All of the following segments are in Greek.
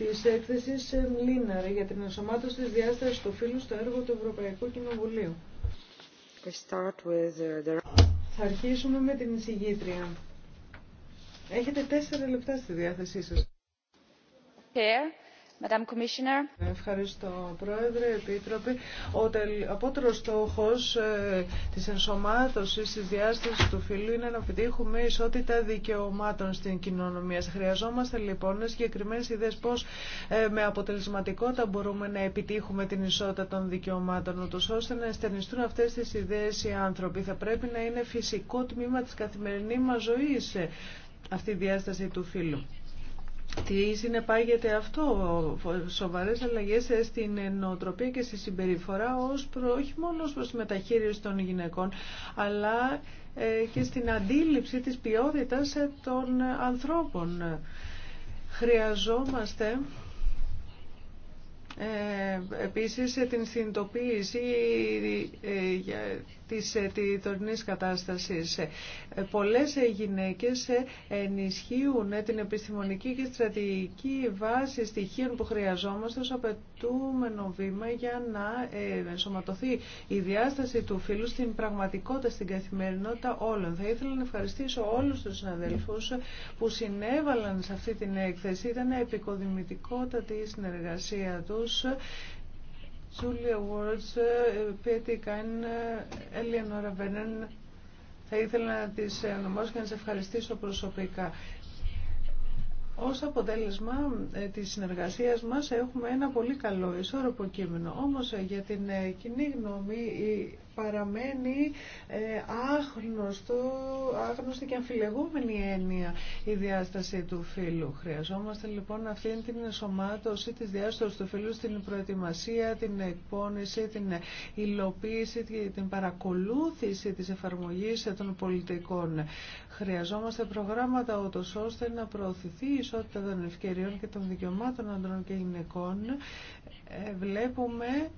Τη έκθεση Λίναρ για την ενσωμάτωση τη διάσταση του φίλου στο έργο του Ευρωπαϊκού Κοινοβουλίου. Uh, Θα αρχίσουμε με την εισηγήτρια. Έχετε τέσσερα λεπτά στη διάθεσή σας. Ευχαριστώ, Πρόεδρε, Επίτροπε. Ο απότερος στόχος ε, της ενσωμάτωσης της διάστασης του φύλου είναι να επιτύχουμε ισότητα δικαιωμάτων στην κοινωνία. Χρειαζόμαστε λοιπόν συγκεκριμένες ιδέες πώς ε, με αποτελεσματικότητα μπορούμε να επιτύχουμε την ισότητα των δικαιωμάτων, ούτως ώστε να εστερνιστούν αυτές τις ιδέες οι άνθρωποι. Θα πρέπει να είναι φυσικό τμήμα της καθημερινής μας ζωής ε, αυτή η διάσταση του φύλου. Τι συνεπάγεται αυτό, σοβαρές αλλαγές στην νοοτροπία και στη συμπεριφορά ως προ, όχι μόνο προς τη μεταχείριση των γυναικών, αλλά ε, και στην αντίληψη της ποιότητας των ανθρώπων. Χρειαζόμαστε ε, επίσης την συνειδητοποίηση ε, της ε, τωρινής κατάστασης. Πολλές γυναίκες ενισχύουν την επιστημονική και στρατηγική βάση στοιχείων που χρειαζόμαστε ως απαιτούμενο βήμα για να ενσωματωθεί η διάσταση του φύλου στην πραγματικότητα, στην καθημερινότητα όλων. Θα ήθελα να ευχαριστήσω όλους τους συναδέλφους που συνέβαλαν σε αυτή την έκθεση. Ήταν επικοδημητικότατη η συνεργασία τους τέλος Julia Awards, Πέτη Κάιν, Έλια Νοραβένεν. Θα ήθελα να τις ονομάσω και να σε ευχαριστήσω προσωπικά. Ως αποτέλεσμα ε, της συνεργασίας μας έχουμε ένα πολύ καλό ισόρροπο κείμενο. Όμως ε, για την ε, κοινή γνώμη παραμένει άγνωστο, άγνωστη και αμφιλεγόμενη έννοια η διάσταση του φύλου. Χρειαζόμαστε λοιπόν αυτή την ενσωμάτωση της διάστασης του φύλου στην προετοιμασία, την εκπόνηση, την υλοποίηση, την παρακολούθηση της εφαρμογής των πολιτικών. Χρειαζόμαστε προγράμματα ότως ώστε να προωθηθεί ισότητα των ευκαιριών και των δικαιωμάτων ανδρών και γυναικών ε, βλέπουμε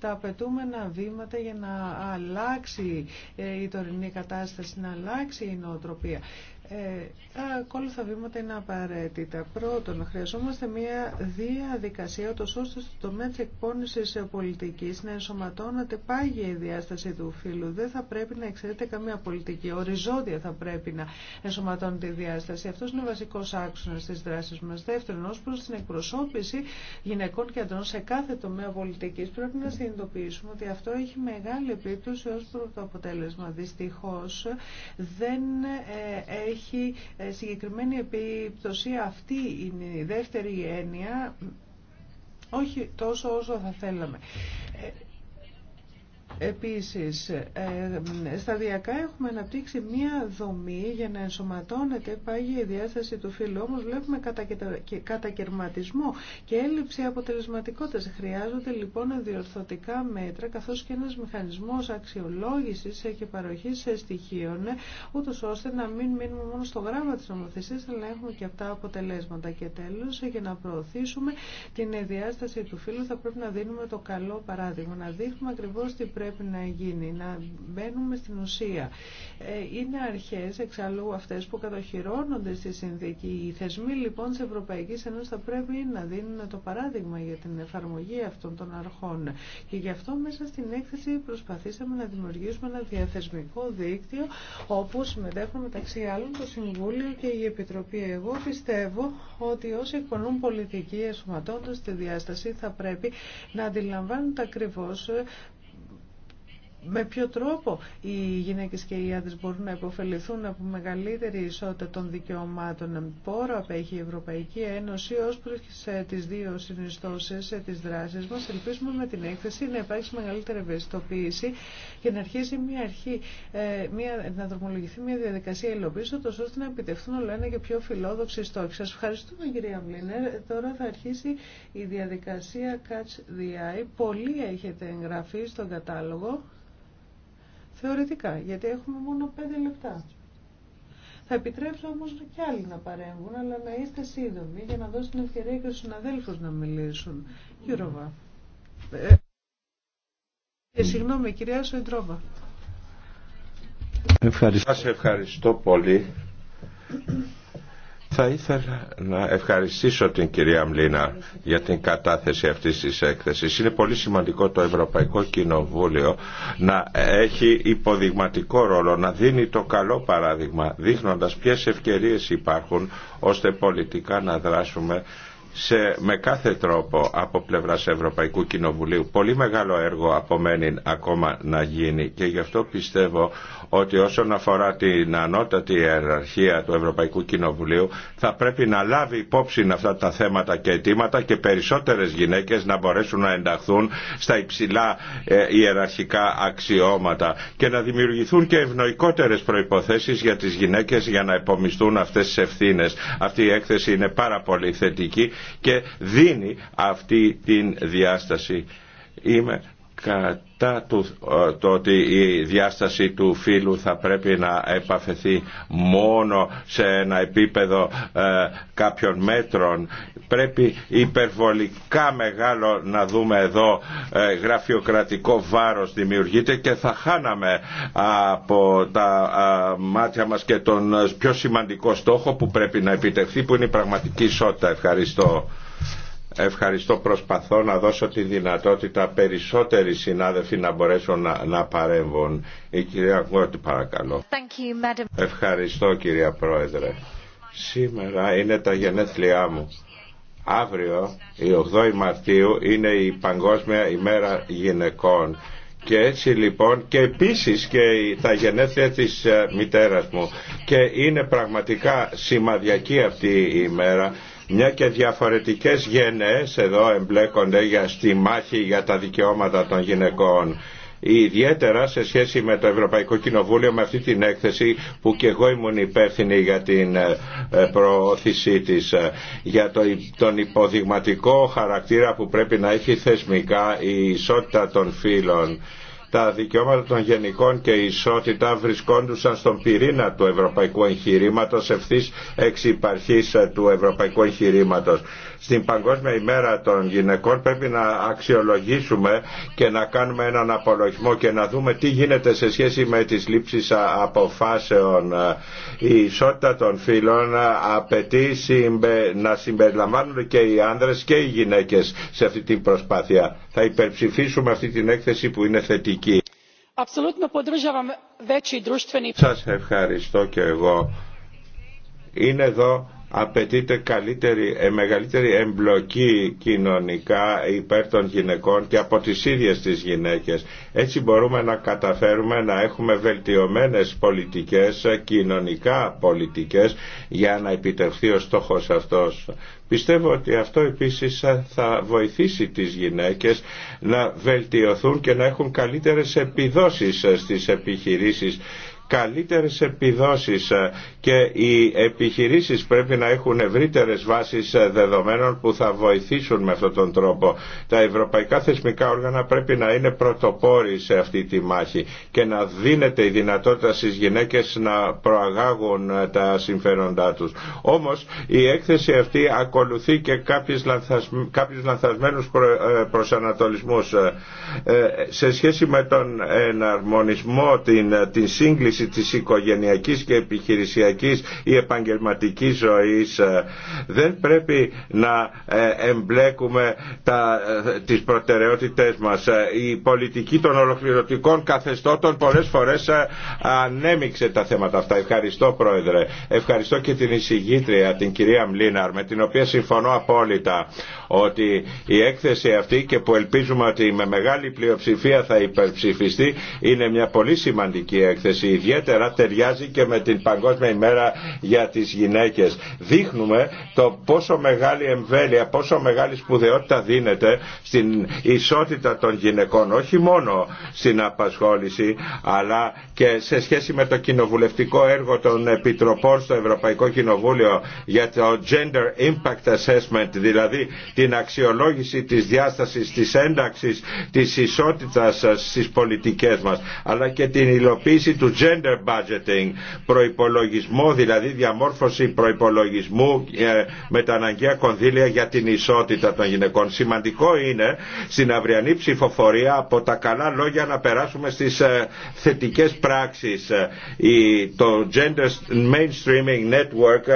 τα απαιτούμενα βήματα για να αλλάξει ε, η τωρινή κατάσταση, να αλλάξει η νοοτροπία. Ε, τα ακόλουθα βήματα είναι απαραίτητα. Πρώτον, χρειαζόμαστε μια διαδικασία ώστε στο τομέα τη εκπόνηση πολιτικής να ενσωματώνεται πάγια η διάσταση του φύλου. Δεν θα πρέπει να εξαιρείται καμία πολιτική. Οριζόντια θα πρέπει να ενσωματώνεται η διάσταση. Αυτό είναι βασικό άξονα τη δράση μα. Δεύτερον, ω προ την εκπροσώπηση γυναικών και αντρών σε κάθε τομέα πολιτική, πρέπει να συνειδητοποιήσουμε ότι αυτό έχει μεγάλη επίπτωση ω προ το αποτέλεσμα. Δυστυχώ δεν ε, έχει έχει ε, συγκεκριμένη επίπτωση. Αυτή η δεύτερη έννοια, όχι τόσο όσο θα θέλαμε. Ε, Επίσης, ε, σταδιακά έχουμε αναπτύξει μία δομή για να ενσωματώνεται πάγια η διάσταση του φύλου. Όμως βλέπουμε κατακαιρματισμό και έλλειψη αποτελεσματικότητας. Χρειάζονται λοιπόν διορθωτικά μέτρα καθώς και ένας μηχανισμός αξιολόγησης και παροχής στοιχείων ούτως ώστε να μην μείνουμε μόνο στο γράμμα της νομοθεσίας αλλά έχουμε και αυτά αποτελέσματα. Και τέλος, για να προωθήσουμε την διάσταση του φύλου θα πρέπει να δίνουμε το καλό παράδειγμα, να δείχνουμε ακριβώς τι πρέπει πρέπει να γίνει, να μπαίνουμε στην ουσία. Ε, είναι αρχές εξαλλού αυτές που κατοχυρώνονται στη συνθήκη. Οι θεσμοί λοιπόν της Ευρωπαϊκής Ένωσης θα πρέπει να δίνουν το παράδειγμα για την εφαρμογή αυτών των αρχών. Και γι' αυτό μέσα στην έκθεση προσπαθήσαμε να δημιουργήσουμε ένα διαθεσμικό δίκτυο όπου συμμετέχουν μεταξύ άλλων το Συμβούλιο και η Επιτροπή. Εγώ πιστεύω ότι όσοι εκπονούν πολιτική εσωματώντας τη διάσταση θα πρέπει να αντιλαμβάνουν ακριβώ με ποιο τρόπο οι γυναίκες και οι άντρες μπορούν να υποφεληθούν από μεγαλύτερη ισότητα των δικαιωμάτων. Πόρο απέχει η Ευρωπαϊκή Ένωση ως προς τις ε, δύο συνιστώσεις ε, της δράσης μας. Ελπίζουμε με την έκθεση να υπάρξει μεγαλύτερη ευαισθητοποίηση και να αρχίσει μια αρχή, ε, μια, να δρομολογηθεί μια διαδικασία υλοποίηση, ώστε να επιτευχθούν όλο ένα και πιο φιλόδοξοι στόχοι. Σας ευχαριστούμε κυρία Μλίνερ. Τώρα θα αρχίσει η διαδικασία Catch the Eye. Πολλοί έχετε εγγραφεί στον κατάλογο θεωρητικά, γιατί έχουμε μόνο πέντε λεπτά. Θα επιτρέψω όμω και άλλοι να παρέμβουν, αλλά να είστε σύντομοι για να δώσουν την ευκαιρία και στου συναδέλφου να μιλήσουν. Mm. Ε, συγγνώμη, κυρία Σοϊντρόβα. Ευχαριστώ. Σας ευχαριστώ πολύ θα ήθελα να ευχαριστήσω την κυρία Μλίνα για την κατάθεση αυτής της έκθεσης. Είναι πολύ σημαντικό το Ευρωπαϊκό Κοινοβούλιο να έχει υποδειγματικό ρόλο, να δίνει το καλό παράδειγμα, δείχνοντας ποιες ευκαιρίες υπάρχουν ώστε πολιτικά να δράσουμε σε, με κάθε τρόπο από πλευράς Ευρωπαϊκού Κοινοβουλίου. Πολύ μεγάλο έργο απομένει ακόμα να γίνει και γι' αυτό πιστεύω ότι όσον αφορά την ανώτατη ιεραρχία του Ευρωπαϊκού Κοινοβουλίου θα πρέπει να λάβει υπόψη αυτά τα θέματα και αιτήματα και περισσότερες γυναίκες να μπορέσουν να ενταχθούν στα υψηλά ε, ιεραρχικά αξιώματα και να δημιουργηθούν και ευνοϊκότερες προϋποθέσεις για τις γυναίκες για να επομιστούν αυτές τις ευθύνες. Αυτή η έκθεση είναι πάρα πολύ θετική και δίνει αυτή την διάσταση. Είμαι κατά ε, το ότι η διάσταση του φύλου θα πρέπει να επαφεθεί μόνο σε ένα επίπεδο ε, κάποιων μέτρων. Πρέπει υπερβολικά μεγάλο να δούμε εδώ ε, γραφειοκρατικό βάρος δημιουργείται και θα χάναμε από τα μάτια μας και τον πιο σημαντικό στόχο που πρέπει να επιτευχθεί που είναι η πραγματική ισότητα. Ευχαριστώ. Ευχαριστώ. Προσπαθώ να δώσω τη δυνατότητα περισσότεροι συνάδελφοι να μπορέσουν να, να παρέμβουν. Η κυρία Γκότη παρακαλώ. Ευχαριστώ κυρία Πρόεδρε. Σήμερα είναι τα γενέθλιά μου. Αύριο, η 8η Μαρτίου, είναι η Παγκόσμια ημέρα γυναικών. Και έτσι λοιπόν και επίσης και τα γενέθλια της ε, μητέρας μου. Και είναι πραγματικά σημαδιακή αυτή η ημέρα μια και διαφορετικές γενναίες εδώ εμπλέκονται για στη μάχη για τα δικαιώματα των γυναικών ιδιαίτερα σε σχέση με το Ευρωπαϊκό Κοινοβούλιο με αυτή την έκθεση που και εγώ ήμουν υπεύθυνη για την ε, ε, προώθησή της ε, για τον υποδειγματικό χαρακτήρα που πρέπει να έχει θεσμικά η ισότητα των φύλων τα δικαιώματα των γενικών και η ισότητα βρισκόντουσαν στον πυρήνα του ευρωπαϊκού εγχειρήματος ευθύς εξ ε, του ευρωπαϊκού εγχειρήματος στην Παγκόσμια ημέρα των γυναικών πρέπει να αξιολογήσουμε και να κάνουμε έναν απολογισμό και να δούμε τι γίνεται σε σχέση με τις λήψεις αποφάσεων. Η ισότητα των φύλων απαιτεί να συμπεριλαμβάνουν και οι άνδρες και οι γυναίκες σε αυτή την προσπάθεια. Θα υπερψηφίσουμε αυτή την έκθεση που είναι θετική. Σας ευχαριστώ και εγώ. Είναι εδώ απαιτείται καλύτερη, ε, μεγαλύτερη εμπλοκή κοινωνικά υπέρ των γυναικών και από τις ίδιες τις γυναίκες. Έτσι μπορούμε να καταφέρουμε να έχουμε βελτιωμένες πολιτικές, κοινωνικά πολιτικές για να επιτευχθεί ο στόχος αυτός. Πιστεύω ότι αυτό επίσης θα βοηθήσει τις γυναίκες να βελτιωθούν και να έχουν καλύτερες επιδόσεις στις επιχειρήσεις καλύτερες επιδόσεις ε, και οι επιχειρήσεις πρέπει να έχουν ευρύτερες βάσεις ε, δεδομένων που θα βοηθήσουν με αυτόν τον τρόπο. Τα ευρωπαϊκά θεσμικά όργανα πρέπει να είναι πρωτοπόροι σε αυτή τη μάχη και να δίνεται η δυνατότητα στις γυναίκες να προαγάγουν ε, τα συμφέροντά τους. Όμως η έκθεση αυτή ακολουθεί και κάποιους, λανθασμένους προσανατολισμούς σε σχέση με τον εναρμονισμό, την, την σύγκληση τη της οικογενειακής και επιχειρησιακής ή επαγγελματικής ζωής. Ε, δεν πρέπει να ε, εμπλέκουμε τα, ε, τις προτεραιότητες μας. Η πολιτική των ολοκληρωτικών καθεστώτων πολλές φορές ανέμειξε τα θέματα αυτά. Ευχαριστώ Πρόεδρε. Ευχαριστώ και την εισηγήτρια, την κυρία Μλίναρ, με την οποία συμφωνώ απόλυτα ότι η έκθεση αυτή και που ελπίζουμε ότι με μεγάλη πλειοψηφία θα υπερψηφιστεί είναι μια πολύ σημαντική έκθεση ιδιαίτερα ταιριάζει και με την Παγκόσμια ημέρα για τις γυναίκες. Δείχνουμε το πόσο μεγάλη εμβέλεια, πόσο μεγάλη σπουδαιότητα δίνεται στην ισότητα των γυναικών, όχι μόνο στην απασχόληση, αλλά και σε σχέση με το κοινοβουλευτικό έργο των Επιτροπών στο Ευρωπαϊκό Κοινοβούλιο για το Gender Impact Assessment, δηλαδή την αξιολόγηση της διάστασης, της ένταξης, της ισότητας στις πολιτικές μας, αλλά και την υλοποίηση του gender budgeting, προϋπολογισμό, δηλαδή διαμόρφωση προϋπολογισμού ε, με τα αναγκαία κονδύλια για την ισότητα των γυναικών. Σημαντικό είναι στην αυριανή ψηφοφορία από τα καλά λόγια να περάσουμε στις ε, θετικές πράξεις. Ε, το Gender Mainstreaming Network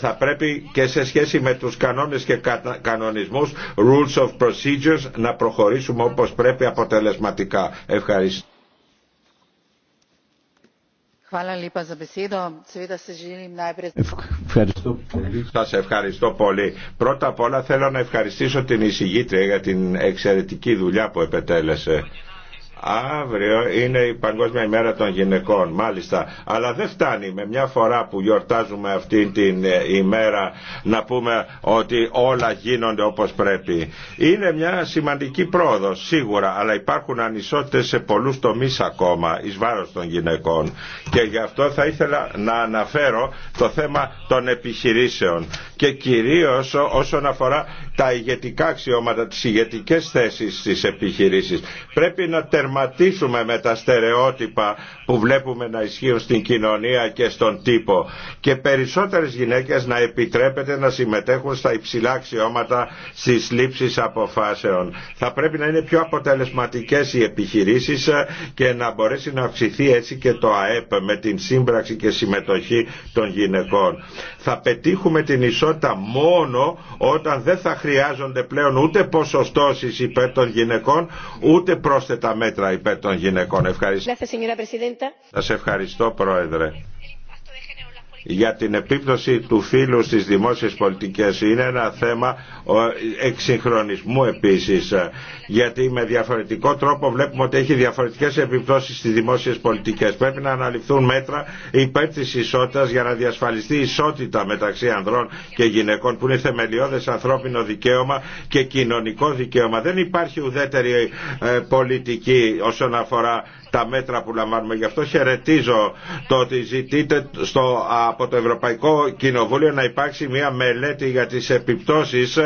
θα πρέπει και σε σχέση με τους κανόνες και κανονισμούς rules of procedures να προχωρήσουμε όπως πρέπει αποτελεσματικά. Ευχαριστώ. Ευχαριστώ Σας ευχαριστώ πολύ. Πρώτα απ' όλα θέλω να ευχαριστήσω την εισηγήτρια για την εξαιρετική δουλειά που επετέλεσε. Αύριο είναι η Παγκόσμια ημέρα των γυναικών, μάλιστα. Αλλά δεν φτάνει με μια φορά που γιορτάζουμε αυτή την ε, ημέρα να πούμε ότι όλα γίνονται όπως πρέπει. Είναι μια σημαντική πρόοδος σίγουρα, αλλά υπάρχουν ανισότητες σε πολλούς τομείς ακόμα εις βάρος των γυναικών. Και γι' αυτό θα ήθελα να αναφέρω το θέμα των επιχειρήσεων και κυρίως όσον αφορά τα ηγετικά αξιώματα, τις ηγετικές θέσεις στις επιχειρήσεις. Πρέπει να τερματίσουμε με τα στερεότυπα που βλέπουμε να ισχύουν στην κοινωνία και στον τύπο και περισσότερες γυναίκες να επιτρέπεται να συμμετέχουν στα υψηλά αξιώματα στις λήψεις αποφάσεων. Θα πρέπει να είναι πιο αποτελεσματικές οι επιχειρήσεις ε, και να μπορέσει να αυξηθεί έτσι και το ΑΕΠ με την σύμπραξη και συμμετοχή των γυναικών. Θα πετύχουμε την ισότητα μόνο όταν δεν θα χρειάζονται πλέον ούτε ποσοστώσεις υπέρ των γυναικών ούτε πρόσθετα μέτρα υπέρ των γυναικών. Ευχαριστώ. Σας ευχαριστώ Πρόεδρε για την επίπτωση του φύλου στις δημόσιες πολιτικές είναι ένα θέμα εξυγχρονισμού επίσης γιατί με διαφορετικό τρόπο βλέπουμε ότι έχει διαφορετικές επιπτώσεις στις δημόσιες πολιτικές. Πρέπει να αναλυφθούν μέτρα υπέρ της ισότητας για να διασφαλιστεί ισότητα μεταξύ ανδρών και γυναικών που είναι θεμελιώδες ανθρώπινο δικαίωμα και κοινωνικό δικαίωμα. Δεν υπάρχει ουδέτερη ε, πολιτική όσον αφορά τα μέτρα που λαμβάνουμε. Γι' αυτό χαιρετίζω το ότι ζητείτε στο από το Ευρωπαϊκό Κοινοβούλιο να υπάρξει μια μελέτη για τις επιπτώσεις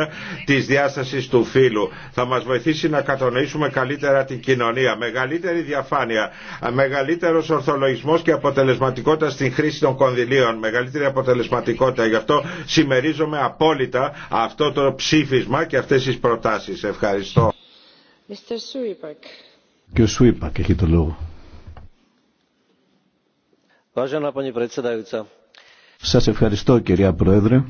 της διάστασης του φύλου. Θα μας βοηθήσει να κατανοήσουμε καλύτερα την κοινωνία. Μεγαλύτερη διαφάνεια, μεγαλύτερος ορθολογισμός και αποτελεσματικότητα στην χρήση των κονδυλίων, μεγαλύτερη αποτελεσματικότητα. Γι' αυτό συμμερίζομαι απόλυτα αυτό το ψήφισμα και αυτές τις προτάσεις. Ευχαριστώ. Και ο Σουίπακ έχει το λόγο. Σας ευχαριστώ κυρία Πρόεδρε.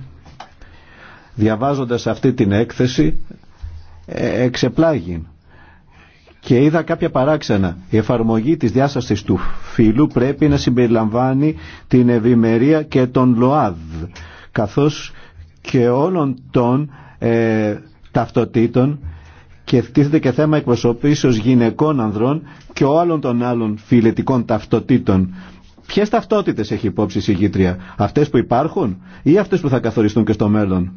Διαβάζοντας αυτή την έκθεση ε, εξεπλάγει και είδα κάποια παράξενα. Η εφαρμογή της διάστασης του φύλου πρέπει να συμπεριλαμβάνει την ευημερία και τον ΛΟΑΔ καθώς και όλων των ε, ταυτοτήτων και τίθεται και θέμα εκπροσωπήσεως γυναικών ανδρών και όλων των άλλων φιλετικών ταυτοτήτων. Ποιε ταυτότητε έχει υπόψη η συγκήτρια, αυτέ που υπάρχουν ή αυτέ που θα καθοριστούν και στο μέλλον.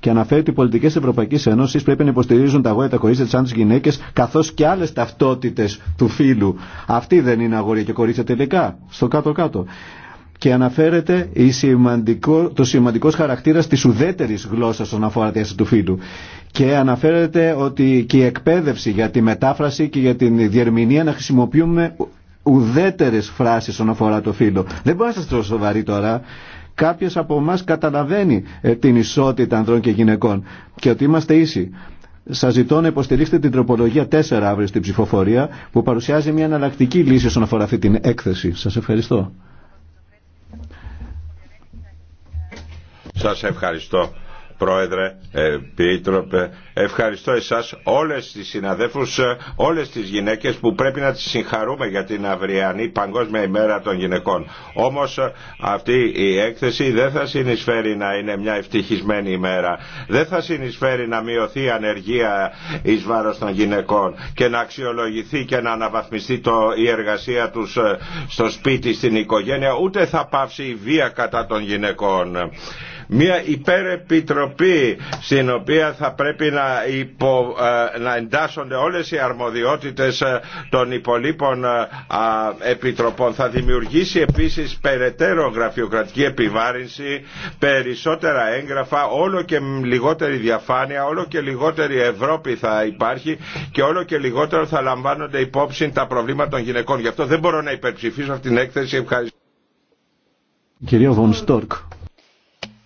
Και αναφέρει ότι οι πολιτικέ Ευρωπαϊκή Ένωση πρέπει να υποστηρίζουν τα αγόρια, τα κορίτσια, τι άντρε γυναίκε, καθώ και άλλε ταυτότητε του φύλου. Αυτή δεν είναι αγόρια και κορίτσια τελικά, στο κάτω-κάτω. Και αναφέρεται η σημαντικό, το σημαντικό χαρακτήρα τη ουδέτερη γλώσσα όσον αφορά τη αίσθηση του φύλου. Και αναφέρεται ότι και η εκπαίδευση για τη μετάφραση και για την διερμηνία να χρησιμοποιούμε ουδέτερες φράσεις όσον αφορά το φύλλο. Δεν μπορεί να είστε τόσο σοβαρή τώρα. Κάποιο από εμά καταλαβαίνει ε, την ισότητα ανδρών και γυναικών και ότι είμαστε ίσοι. Σα ζητώ να υποστηρίξετε την τροπολογία 4 αύριο στην ψηφοφορία που παρουσιάζει μια εναλλακτική λύση όσον αφορά αυτή την έκθεση. Σα ευχαριστώ. Σας ευχαριστώ. Πρόεδρε, Επίτροπε, ευχαριστώ εσάς όλες τις συναδέφους, όλες τις γυναίκες που πρέπει να τις συγχαρούμε για την αυριανή Παγκόσμια ημέρα των γυναικών. Όμως αυτή η έκθεση δεν θα συνεισφέρει να είναι μια ευτυχισμένη ημέρα. Δεν θα συνεισφέρει να μειωθεί η ανεργία εις βάρος των γυναικών και να αξιολογηθεί και να αναβαθμιστεί το, η εργασία τους ε, στο σπίτι, στην οικογένεια, ούτε θα πάψει η βία κατά των γυναικών μια υπερεπιτροπή στην οποία θα πρέπει να, υπο, ε, να εντάσσονται όλες οι αρμοδιότητες ε, των υπολείπων ε, επιτροπών. Θα δημιουργήσει επίσης περαιτέρω γραφειοκρατική επιβάρυνση, περισσότερα έγγραφα, όλο και λιγότερη διαφάνεια, όλο και λιγότερη Ευρώπη θα υπάρχει και όλο και λιγότερο θα λαμβάνονται υπόψη τα προβλήματα των γυναικών. Γι' αυτό δεν μπορώ να υπερψηφίσω αυτή την έκθεση. Ευχαριστώ. Κυρία Βον Στόρκ.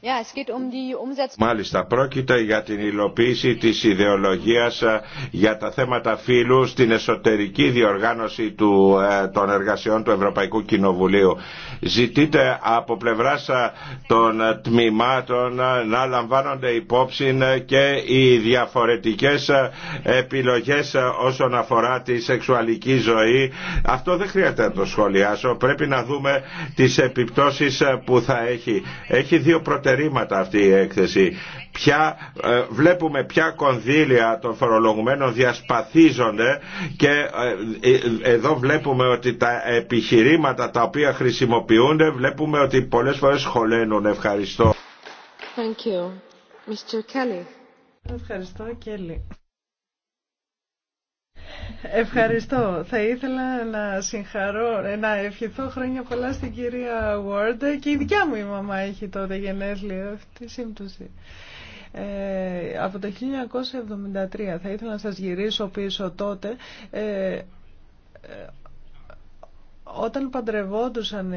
Um Μάλιστα, πρόκειται για την υλοποίηση της ιδεολογίας ε, για τα θέματα φύλου στην εσωτερική διοργάνωση του, ε, των εργασιών του Ευρωπαϊκού Κοινοβουλίου. Ζητείτε από πλευράς ε, των τμήματων να λαμβάνονται υπόψη και οι διαφορετικές επιλογές όσον αφορά τη σεξουαλική ζωή. Αυτό δεν χρειάζεται να το σχολιάσω. Πρέπει να δούμε τις επιπτώσεις που θα έχει. Έχει δύο αυτή η έκθεση. Ποια, ε, βλέπουμε ποια κονδύλια των φορολογουμένων διασπαθίζονται και ε, ε, εδώ βλέπουμε ότι τα επιχειρήματα τα οποία χρησιμοποιούνται βλέπουμε ότι πολλές φορές χωλένουν. Ευχαριστώ. Thank you. Mr. Kelly. Ευχαριστώ. Θα ήθελα να συγχαρώ, να ευχηθώ χρόνια πολλά στην κυρία Ward και η δικιά μου η μαμά έχει τότε γενέθλια αυτή η σύμπτωση. Ε, από το 1973 θα ήθελα να σας γυρίσω πίσω τότε ε, ε όταν παντρευόντουσαν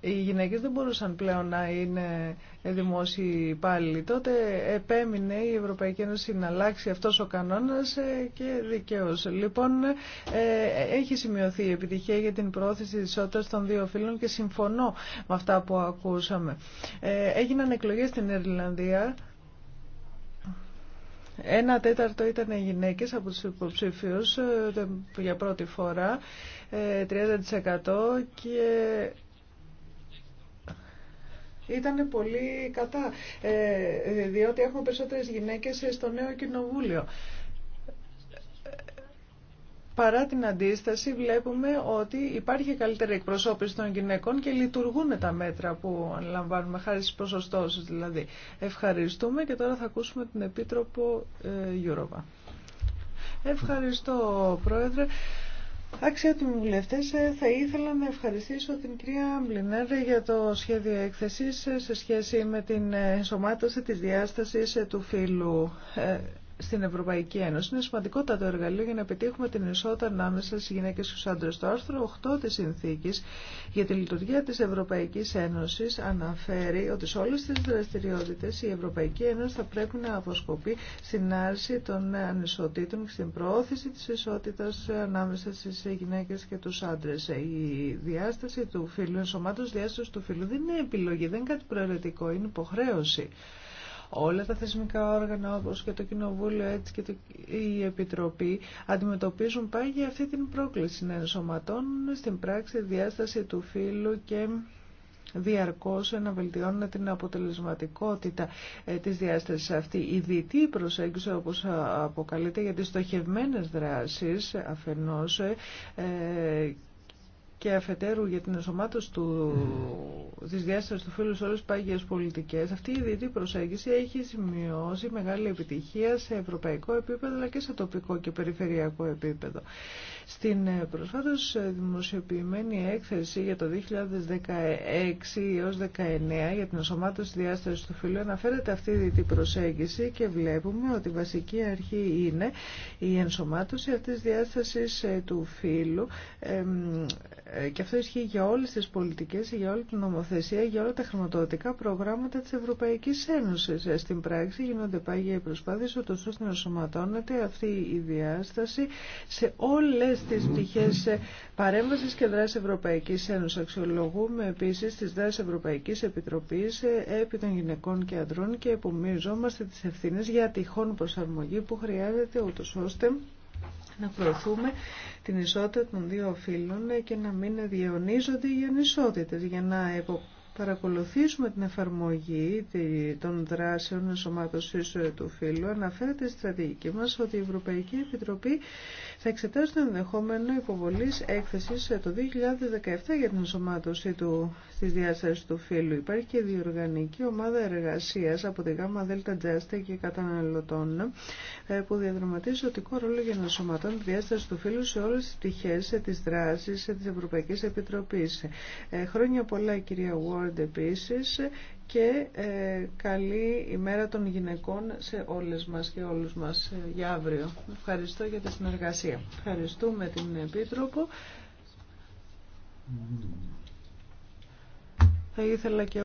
οι γυναίκες δεν μπορούσαν πλέον να είναι δημόσιοι υπάλληλοι. Τότε επέμεινε η Ευρωπαϊκή Ένωση να αλλάξει αυτός ο κανόνας ε, και δικαίως. Λοιπόν, ε, έχει σημειωθεί η επιτυχία για την πρόθεση της ισότητας των δύο φίλων και συμφωνώ με αυτά που ακούσαμε. Ε, έγιναν εκλογές στην Ιρλανδία. Ένα τέταρτο ήταν οι γυναίκες από τους υποψήφιους για πρώτη φορά, 30% και ήταν πολύ κατά, ε, διότι έχουμε περισσότερες γυναίκες στο νέο κοινοβούλιο. Παρά την αντίσταση βλέπουμε ότι υπάρχει καλύτερη εκπροσώπηση των γυναικών και λειτουργούν τα μέτρα που αναλαμβάνουμε, χάρη στις ποσοστώσεις δηλαδή. Ευχαριστούμε και τώρα θα ακούσουμε την Επίτροπο ε, Γιούροβα. Ευχαριστώ Πρόεδρε. Αξιότιμοι βουλευτέ, ε, θα ήθελα να ευχαριστήσω την κυρία Μπλινέρ για το σχέδιο έκθεση ε, σε σχέση με την ε, ενσωμάτωση τη διάσταση του φύλου στην Ευρωπαϊκή Ένωση είναι σημαντικότατο εργαλείο για να πετύχουμε την ισότητα ανάμεσα στι γυναίκε και στου άντρε. Το άρθρο 8 τη συνθήκη για τη λειτουργία τη Ευρωπαϊκή Ένωση αναφέρει ότι σε όλε τι δραστηριότητε η Ευρωπαϊκή Ένωση θα πρέπει να αποσκοπεί στην άρση των ανισοτήτων και στην προώθηση τη ισότητα ανάμεσα στι γυναίκε και του άντρε. Η διάσταση του φύλου, ενσωμάτωση διάσταση του φύλου δεν είναι επιλογή, δεν είναι κάτι προαιρετικό, είναι υποχρέωση. Όλα τα θεσμικά όργανα όπως και το Κοινοβούλιο έτσι και η Επιτροπή αντιμετωπίζουν πάγια αυτή την πρόκληση να ενσωματώνουν στην πράξη διάσταση του φύλου και διαρκώς να βελτιώνουν την αποτελεσματικότητα ε, της διάστασης αυτή. Η δυτή προσέγγιση όπως ε, αποκαλείται για τις στοχευμένες δράσεις αφενός ε, και αφετέρου για την ενσωμάτωση του, της διάστασης του φίλου σε όλες τις πάγιες πολιτικές, αυτή η διετή προσέγγιση έχει σημειώσει μεγάλη επιτυχία σε ευρωπαϊκό επίπεδο αλλά και σε τοπικό και περιφερειακό επίπεδο. Στην ε, προσφάτως ε, δημοσιοποιημένη έκθεση για το 2016 έως 2019 για την ενσωμάτωση διάσταση του φύλου αναφέρεται αυτή την προσέγγιση και βλέπουμε ότι η βασική αρχή είναι η ενσωμάτωση αυτής της διάστασης ε, του φύλου και αυτό ισχύει για όλες τις πολιτικές, για όλη την νομοθεσία, για όλα τα χρηματοδοτικά προγράμματα της Ευρωπαϊκής Ένωσης. Στην πράξη γίνονται πάγια οι προσπάθειες ώστε να ενσωματώνεται αυτή η διάσταση σε όλες όλες τις πτυχές παρέμβασης και δράση Ευρωπαϊκής Ένωσης. Αξιολογούμε επίσης τις δράσεις Ευρωπαϊκής Επιτροπής επί των γυναικών και ανδρών και επομίζομαστε τις ευθύνες για τυχόν προσαρμογή που χρειάζεται ούτως ώστε να προωθούμε την ισότητα των δύο φύλων και να μην διαιωνίζονται οι ανισότητες για να παρακολουθήσουμε την εφαρμογή των δράσεων ενσωμάτωσης του φύλου, αναφέρεται η στρατηγική μας ότι η Ευρωπαϊκή Επιτροπή θα εξετάσει το ενδεχόμενο υποβολή έκθεσης το 2017 για την ενσωμάτωση του διάσταση του φύλου. Υπάρχει και διοργανική ομάδα εργασίας από τη ΓΑΜΑ ΔΕΛΤΑ Τζάστα και καταναλωτών ε, που διαδραματίζει ζωτικό ρόλο για να ενσωματώνει τη διάσταση του φύλου σε όλες τις πτυχέ τη δράση τη Ευρωπαϊκή Επιτροπή. Ε, χρόνια πολλά κυρία Βόρντ, επίση και ε, καλή ημέρα των γυναικών σε όλες μας και όλους μας ε, για αύριο. Ευχαριστώ για τη συνεργασία. Ευχαριστούμε την Επίτροπο. Θα ήθελα